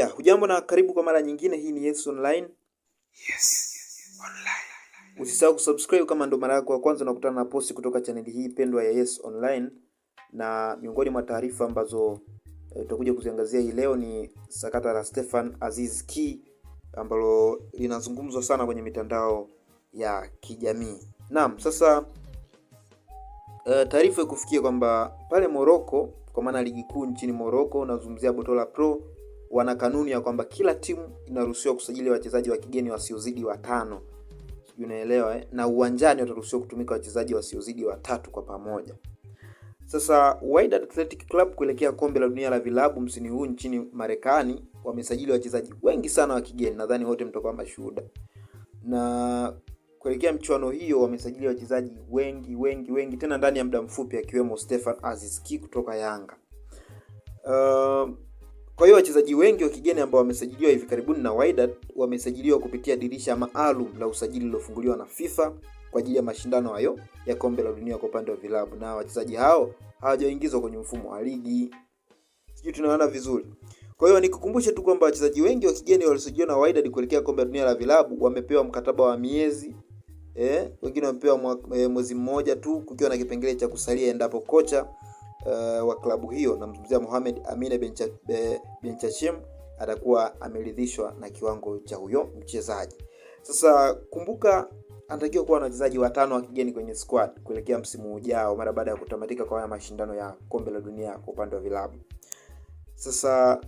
Ya, hujambo na karibu kwa mara nyingine. Hii ni Yes Online. Yes Online. Usisahau kusubscribe kama ndo mara yako ya kwanza unakutana na posti kutoka chaneli hii pendwa ya Yes Online, na miongoni mwa taarifa ambazo e, tutakuja kuziangazia hii leo ni sakata la Stefan Aziz Ki ambalo linazungumzwa sana kwenye mitandao ya kijamii. Naam, sasa e, taarifa ikufikia kwamba pale Morocco, kwa maana ligi kuu nchini Morocco, unazungumzia Botola Pro wana kanuni ya kwamba kila timu inaruhusiwa kusajili wachezaji wa kigeni wasiozidi watano, unaelewa eh? Na uwanjani wataruhusiwa kutumika wachezaji wasiozidi watatu kwa pamoja. Sasa Wydad Athletic Club kuelekea kombe la dunia la vilabu msimu huu nchini Marekani wamesajili wachezaji wengi sana wa kigeni, nadhani wote mtakuwa mashuhuda. Na kuelekea mchuano hiyo wamesajili wachezaji wengi wengi wengi tena ndani ya muda mfupi, akiwemo Stefan Aziz kutoka Yanga uh, kwa hiyo wachezaji wengi wa kigeni ambao wamesajiliwa hivi karibuni na Wydad wamesajiliwa kupitia dirisha maalum la usajili lilofunguliwa na FIFA kwa ajili ya mashindano hayo ya kombe la dunia kwa upande wa vilabu, na wachezaji hao hawajaingizwa kwenye mfumo wa ligi. Sijui tunaona vizuri. Kwa hiyo nikukumbushe tu kwamba wachezaji wengi wa kigeni waliosajiliwa na Wydad kuelekea kombe la dunia la vilabu wamepewa mkataba wa miezi eh, wengine wamepewa eh, mwezi mmoja tu, kukiwa na kipengele cha kusalia endapo kocha uh, wa klabu hiyo, namzungumzia Mohamed Amine Benchachim ben atakuwa ameridhishwa na kiwango cha huyo mchezaji. Sasa kumbuka, anatakiwa kuwa na wachezaji watano wa kigeni kwenye squad kuelekea msimu ujao, mara baada ya kutamatika kwa haya mashindano ya kombe la dunia kwa upande wa vilabu. Sasa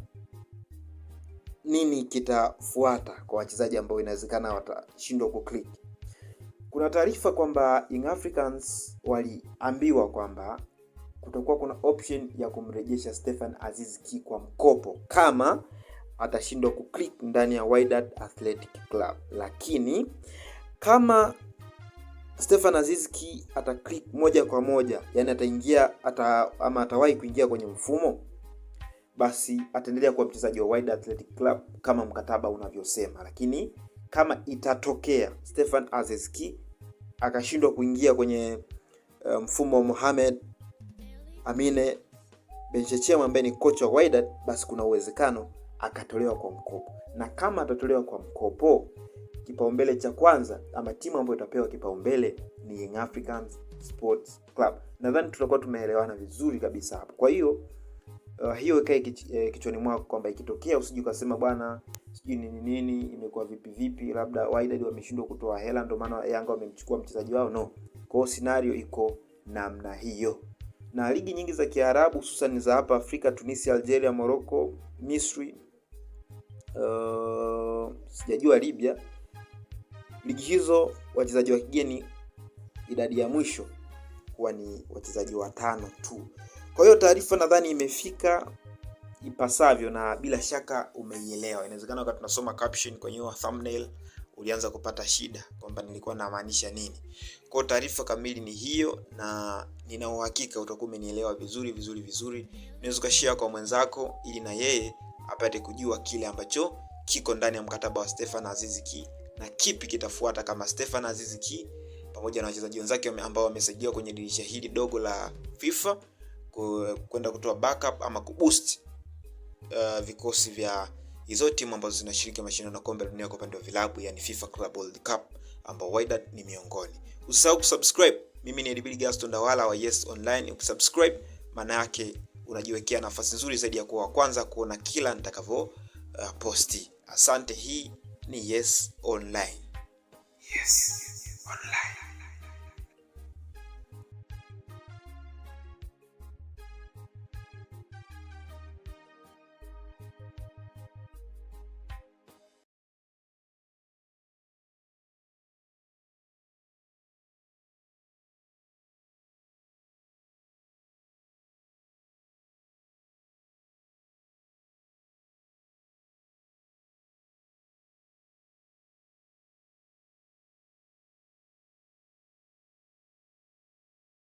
nini kitafuata kwa wachezaji ambao inawezekana watashindwa ku Kuna taarifa kwamba Young Africans waliambiwa kwamba kutakuwa kuna option ya kumrejesha Stefan Aziz Ki kwa mkopo kama atashindwa kuclick ndani ya Wydad Athletic Club, lakini kama Stefan Aziz Ki click moja kwa moja, yani ataingia ata, ama atawahi kuingia kwenye mfumo basi ataendelea kuwa mchezaji wa Wydad Athletic Club kama mkataba unavyosema, lakini kama itatokea Stefan Aziz Ki akashindwa kuingia kwenye eh, mfumo wa Mohamed Amine Benchechea ambaye ni kocha wa Wydad, basi kuna uwezekano akatolewa kwa mkopo, na kama atatolewa kwa mkopo, kipaumbele cha kwanza ama timu ambayo itapewa kipaumbele ni Young Africans Sports Club. Nadhani tutakuwa tumeelewana vizuri kabisa hapo. Kwa hiyo uh, hiyo ikae eh, kichwani mwako kwamba ikitokea usije ukasema bwana sijui nini nini imekuwa vipi vipi, labda Wydad wameshindwa kutoa hela ndio maana Yanga wamemchukua mchezaji wao. No, kwa hiyo scenario iko namna hiyo na ligi nyingi za Kiarabu hususan za hapa Afrika, Tunisia, Algeria, Morocco, Misri, uh, sijajua Libya. Ligi hizo wachezaji wa kigeni idadi ya mwisho huwa ni wachezaji watano tu. Kwa hiyo taarifa nadhani imefika ipasavyo na bila shaka umeielewa. Inawezekana wakati tunasoma caption kwenye thumbnail ulianza kupata shida, kwamba nilikuwa namaanisha nini. Kwa taarifa kamili ni hiyo, na nina uhakika utakuwa umenielewa vizuri vizuri vizuri. Unaweza ukashare kwa mwenzako, ili na yeye apate kujua kile ambacho kiko ndani ya mkataba wa Stefan Aziz Ki na kipi kitafuata kama Stefan Aziz Ki pamoja na wachezaji wenzake ambao wamesajiliwa kwenye dirisha hili dogo la FIFA kwenda kutoa backup ama kuboost uh, vikosi vya hizo timu ambazo zinashiriki mashindano ya kombe la dunia kwa upande wa vilabu, yani FIFA Club World Cup ambao Wydad ni miongoni. Usisahau kusubscribe. Mimi ni Edibili Gaston Dawala wa Yes Online. Ukisubscribe maana yake unajiwekea nafasi nzuri zaidi ya kuwa wa kwanza kuona kila nitakavyo uh, posti. Asante, hii ni Yes Online. Yes Online.